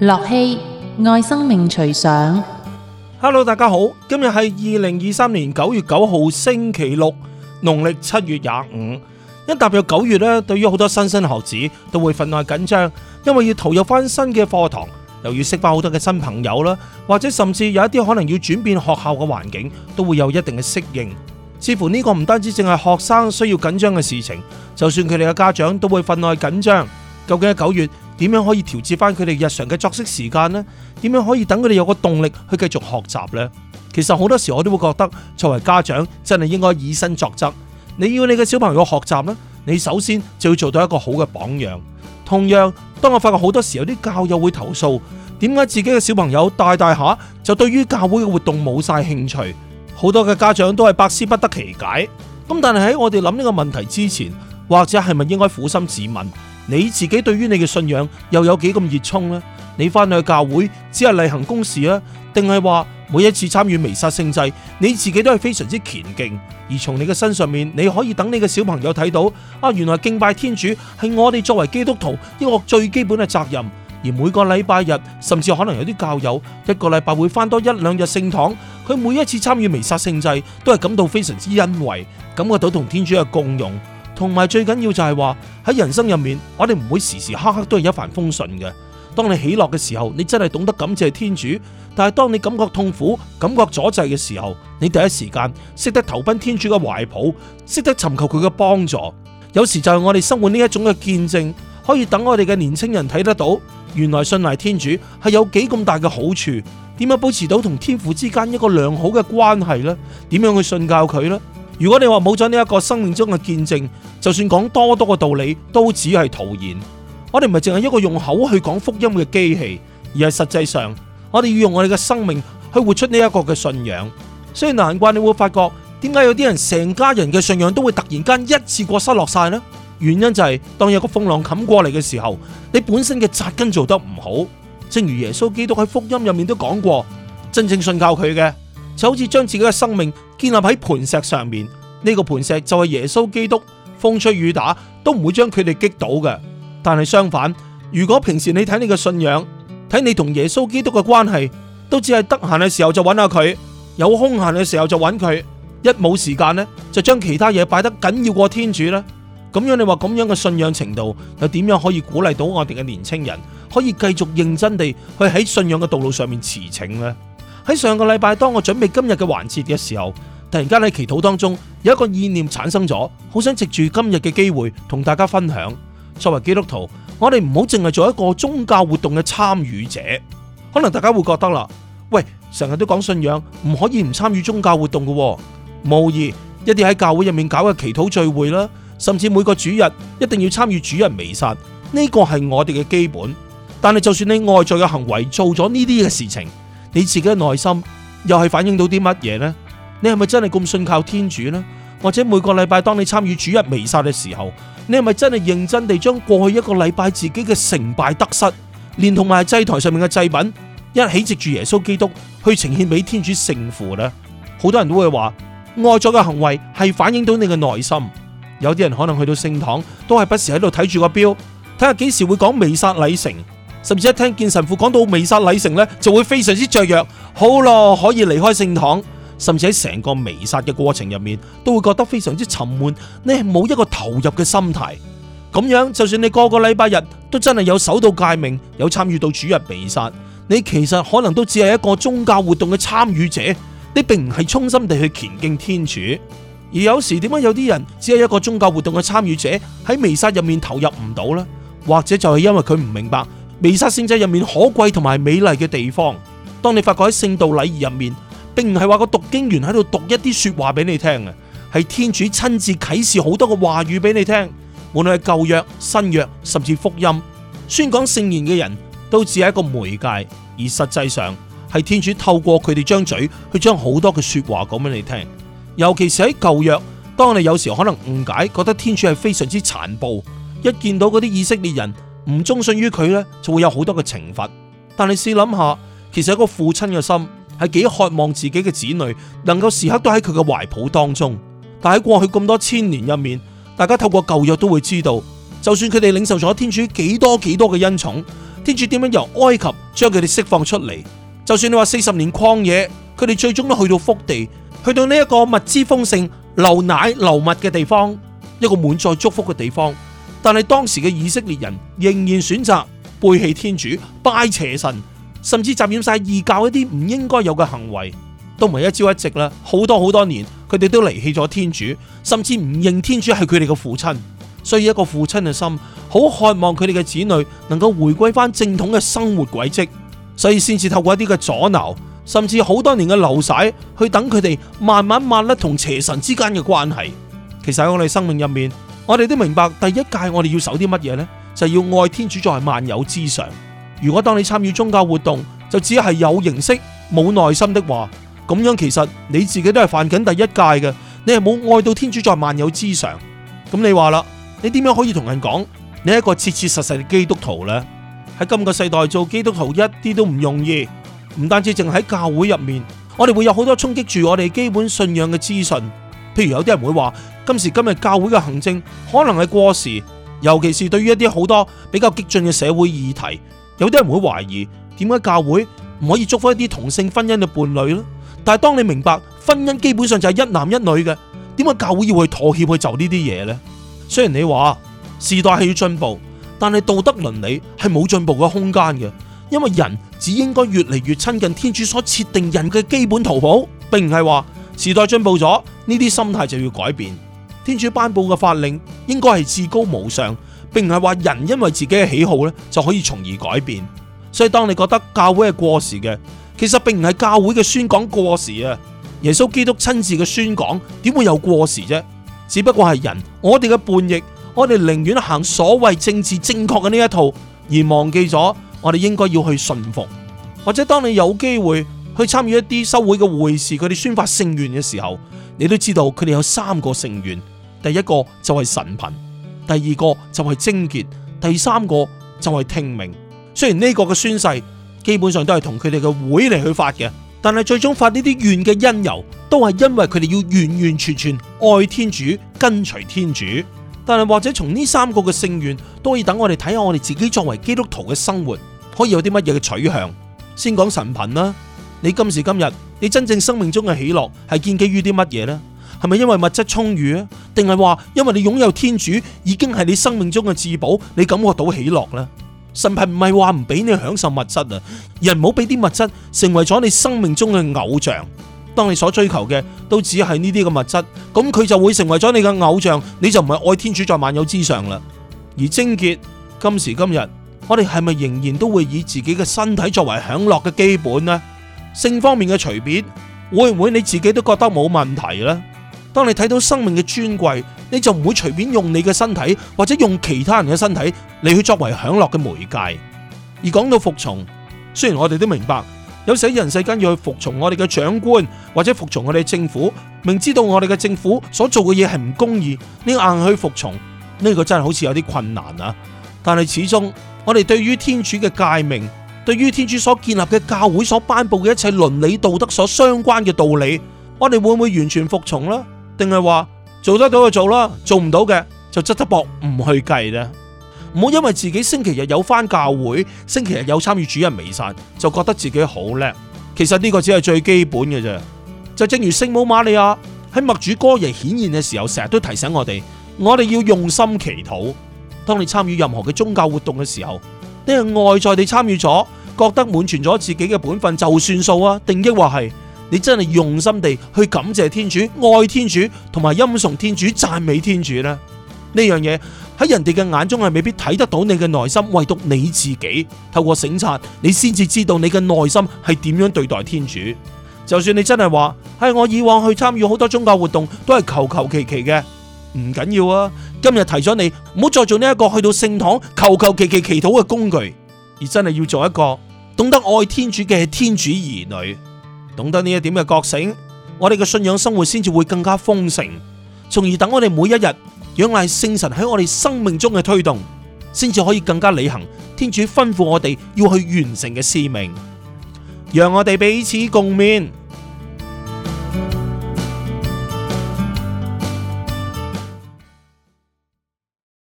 駱曦愛生命隨想，Hello，大家好，今日係二零二三年九月九號星期六，農曆七月廿五。一踏入九月咧，對於好多新生學子都會分外緊張，因為要投入翻新嘅課堂，又要識翻好多嘅新朋友啦，或者甚至有一啲可能要轉變學校嘅環境，都會有一定嘅適應。似乎呢個唔單止淨係學生需要緊張嘅事情，就算佢哋嘅家長都會分外緊張。究竟喺九月，點樣可以調節翻佢哋日常嘅作息時間呢？點樣可以等佢哋有個動力去繼續學習呢？其實好多時我都會覺得，作為家長真係應該以身作則。你要你嘅小朋友學習呢，你首先就要做到一個好嘅榜樣。同樣，當我發覺好多時有啲教友會投訴，點解自己嘅小朋友大大下就對於教會嘅活動冇晒興趣？好多嘅家長都係百思不得其解。咁但係喺我哋諗呢個問題之前，或者係咪應該苦心自問？你自己對於你嘅信仰又有幾咁熱衷呢？你翻去教會只係例行公事啊，定係話每一次參與彌撒聖祭，你自己都係非常之虔敬。而從你嘅身上面，你可以等你嘅小朋友睇到啊，原來敬拜天主係我哋作為基督徒一個最基本嘅責任。而每個禮拜日，甚至可能有啲教友一個禮拜會翻多一兩日聖堂，佢每一次參與彌撒聖祭，都係感到非常之欣慰，感覺到同天主嘅共融。同埋最緊要就係話喺人生入面，我哋唔會時時刻刻都係一帆風順嘅。當你喜樂嘅時候，你真係懂得感謝天主；但係當你感覺痛苦、感覺阻滯嘅時候，你第一時間識得投奔天主嘅懷抱，識得尋求佢嘅幫助。有時就係我哋生活呢一種嘅見證，可以等我哋嘅年青人睇得到，原來信賴天主係有幾咁大嘅好處。點樣保持到同天父之間一個良好嘅關係呢？點樣去信教佢呢？如果你話冇咗呢一個生命中嘅見證，就算講多多嘅道理，都只係徒然。我哋唔係淨係一個用口去講福音嘅機器，而係實際上我哋要用我哋嘅生命去活出呢一個嘅信仰。雖然難怪你會發覺點解有啲人成家人嘅信仰都會突然間一次過失落晒呢？原因就係當有個風浪冚過嚟嘅時候，你本身嘅扎根做得唔好。正如耶穌基督喺福音入面都講過，真正信靠佢嘅就好似將自己嘅生命建立喺磐石上面，呢個磐石就係耶穌基督。風吹雨打都唔會將佢哋擊倒嘅，但係相反，如果平時你睇你嘅信仰，睇你同耶穌基督嘅關係，都只係得閒嘅時候就揾下佢，有空閒嘅時候就揾佢，一冇時間呢，就將其他嘢擺得緊要過天主啦。咁樣你話咁樣嘅信仰程度又點樣可以鼓勵到我哋嘅年輕人可以繼續認真地去喺信仰嘅道路上面馳騁呢？喺上個禮拜當我準備今日嘅環節嘅時候，突然間喺祈禱當中有一個意念產生咗，好想藉住今日嘅機會同大家分享。作為基督徒，我哋唔好淨係做一個宗教活動嘅參與者。可能大家會覺得啦，喂，成日都講信仰，唔可以唔參與宗教活動嘅。無疑一啲喺教會入面搞嘅祈禱聚會啦，甚至每個主日一定要參與主日彌撒，呢個係我哋嘅基本。但係就算你外在嘅行為做咗呢啲嘅事情，你自己嘅內心又係反映到啲乜嘢呢？你係咪真係咁信靠天主呢？或者每個禮拜當你參與主日彌撒嘅時候，你係咪真係認真地將過去一個禮拜自己嘅成敗得失，連同埋祭台上面嘅祭品，一起藉住耶穌基督去呈獻俾天主聖父呢？好多人都會話，外在嘅行為係反映到你嘅內心。有啲人可能去到聖堂都係不時喺度睇住個表，睇下幾時會講彌撒禮成，甚至一聽見神父講到彌撒禮成呢，就會非常之雀躍，好咯，可以離開聖堂。甚至喺成個彌撒嘅過程入面，都會覺得非常之沉悶，你係冇一個投入嘅心態。咁樣，就算你個個禮拜日都真係有守到誡命，有參與到主日彌撒，你其實可能都只係一個宗教活動嘅參與者，你並唔係衷心地去虔敬天主。而有時點解有啲人只係一個宗教活動嘅參與者喺彌撒入面投入唔到呢？或者就係因為佢唔明白彌撒聖祭入面可貴同埋美麗嘅地方。當你發覺喺聖道禮儀入面，並唔係話個讀經員喺度讀一啲說話俾你聽啊，係天主親自啟示好多嘅話語俾你聽，無論係舊約、新約，甚至福音。宣講聖言嘅人都只係一個媒介，而實際上係天主透過佢哋張嘴去將好多嘅說話講俾你聽。尤其是喺舊約，當你有時候可能誤解，覺得天主係非常之殘暴，一見到嗰啲以色列人唔忠信於佢呢，就會有好多嘅懲罰。但係試諗下，其實一個父親嘅心。係幾渴望自己嘅子女能夠時刻都喺佢嘅懷抱當中，但喺過去咁多千年入面，大家透過舊約都會知道，就算佢哋領受咗天主幾多幾多嘅恩寵，天主點樣由埃及將佢哋釋放出嚟。就算你話四十年曠野，佢哋最終都去到福地，去到呢一個物資豐盛、流奶流蜜嘅地方，一個滿載祝福嘅地方，但係當時嘅以色列人仍然選擇背棄天主，拜邪神。甚至浸染晒異教一啲唔應該有嘅行為，都唔係一朝一夕啦，好多好多年，佢哋都離棄咗天主，甚至唔認天主係佢哋嘅父親。所以一個父親嘅心，好渴望佢哋嘅子女能夠回歸翻正統嘅生活軌跡，所以先至透過一啲嘅阻撓，甚至好多年嘅流逝，去等佢哋慢慢抹甩同邪神之間嘅關係。其實喺我哋生命入面，我哋都明白第一戒我哋要守啲乜嘢呢？就係、是，要愛天主在萬有之上。如果當你參與宗教活動，就只係有形式冇耐心的話，咁樣其實你自己都係犯緊第一戒嘅。你係冇愛到天主在萬有之上。咁你話啦，你點樣可以同人講你係一個切切實實嘅基督徒呢？喺今個世代做基督徒一啲都唔容易，唔單止淨喺教會入面，我哋會有好多衝擊住我哋基本信仰嘅資訊。譬如有啲人會話今時今日教會嘅行政可能係過時，尤其是對於一啲好多比較激進嘅社會議題。有啲人會懷疑，點解教會唔可以祝福一啲同性婚姻嘅伴侶呢？但係當你明白婚姻基本上就係一男一女嘅，點解教會要去妥協去做呢啲嘢呢？雖然你話時代係要進步，但係道德倫理係冇進步嘅空間嘅，因為人只應該越嚟越親近天主所設定人嘅基本圖譜，並唔係話時代進步咗呢啲心態就要改變。天主頒布嘅法令應該係至高無上。並唔係話人因為自己嘅喜好咧就可以從而改變，所以當你覺得教會係過時嘅，其實並唔係教會嘅宣講過時啊，耶穌基督親自嘅宣講點會有過時啫？只不過係人，我哋嘅叛逆，我哋寧願行所謂政治正確嘅呢一套，而忘記咗我哋應該要去信服。或者當你有機會去參與一啲修會嘅會士，佢哋宣發聖願嘅時候，你都知道佢哋有三個聖願，第一個就係神貧。第二個就係貞潔，第三個就係聽命。雖然呢個嘅宣誓，基本上都係同佢哋嘅會嚟去發嘅，但係最終發呢啲願嘅因由，都係因為佢哋要完完全全愛天主、跟隨天主。但係或者從呢三個嘅聖願，都可以等我哋睇下我哋自己作為基督徒嘅生活，可以有啲乜嘢嘅取向。先講神貧啦，你今時今日，你真正生命中嘅喜樂係建基於啲乜嘢呢？係咪因為物質充裕啊？定係話因為你擁有天主已經係你生命中嘅至寶，你感覺到喜樂呢？神係唔係話唔俾你享受物質啊？人唔好俾啲物質成為咗你生命中嘅偶像。當你所追求嘅都只係呢啲嘅物質，咁佢就會成為咗你嘅偶像，你就唔係愛天主在萬有之上啦。而貞潔，今時今日，我哋係咪仍然都會以自己嘅身體作為享樂嘅基本呢？性方面嘅隨便，會唔會你自己都覺得冇問題呢？當你睇到生命嘅尊貴，你就唔會隨便用你嘅身體或者用其他人嘅身體嚟去作為享樂嘅媒介。而講到服從，雖然我哋都明白，有時人世間要去服從我哋嘅長官或者服從我哋政府，明知道我哋嘅政府所做嘅嘢係唔公義，你要硬去服從，呢個真係好似有啲困難啊。但係始終我哋對於天主嘅誡命，對於天主所建立嘅教會所頒布嘅一切倫理道德所相關嘅道理，我哋會唔會完全服從呢？定係話做得到就做啦，做唔到嘅就執得薄唔去計啦。唔好因為自己星期日有返教會，星期日有參與主日彌撒，就覺得自己好叻。其實呢個只係最基本嘅啫。就正如聖母瑪利亞喺默主哥耶顯現嘅時候，成日都提醒我哋，我哋要用心祈禱。當你參與任何嘅宗教活動嘅時候，你係外在地參與咗，覺得滿全咗自己嘅本分就算數啊？定抑或係？你真係用心地去感謝天主、愛天主同埋欽崇天主、讚美天主呢。呢樣嘢喺人哋嘅眼中係未必睇得到你嘅內心，唯獨你自己透過省察，你先至知道你嘅內心係點樣對待天主。就算你真係話係我以往去參與好多宗教活動都係求求其其嘅，唔緊要啊。今日提咗你，唔好再做呢一個去到聖堂求求其其祈禱嘅工具，而真係要做一個懂得愛天主嘅天主兒女。懂得呢一點嘅覺醒，我哋嘅信仰生活先至會更加豐盛，從而等我哋每一日仰賴聖神喺我哋生命中嘅推動，先至可以更加履行天主吩咐我哋要去完成嘅使命，讓我哋彼此共勉。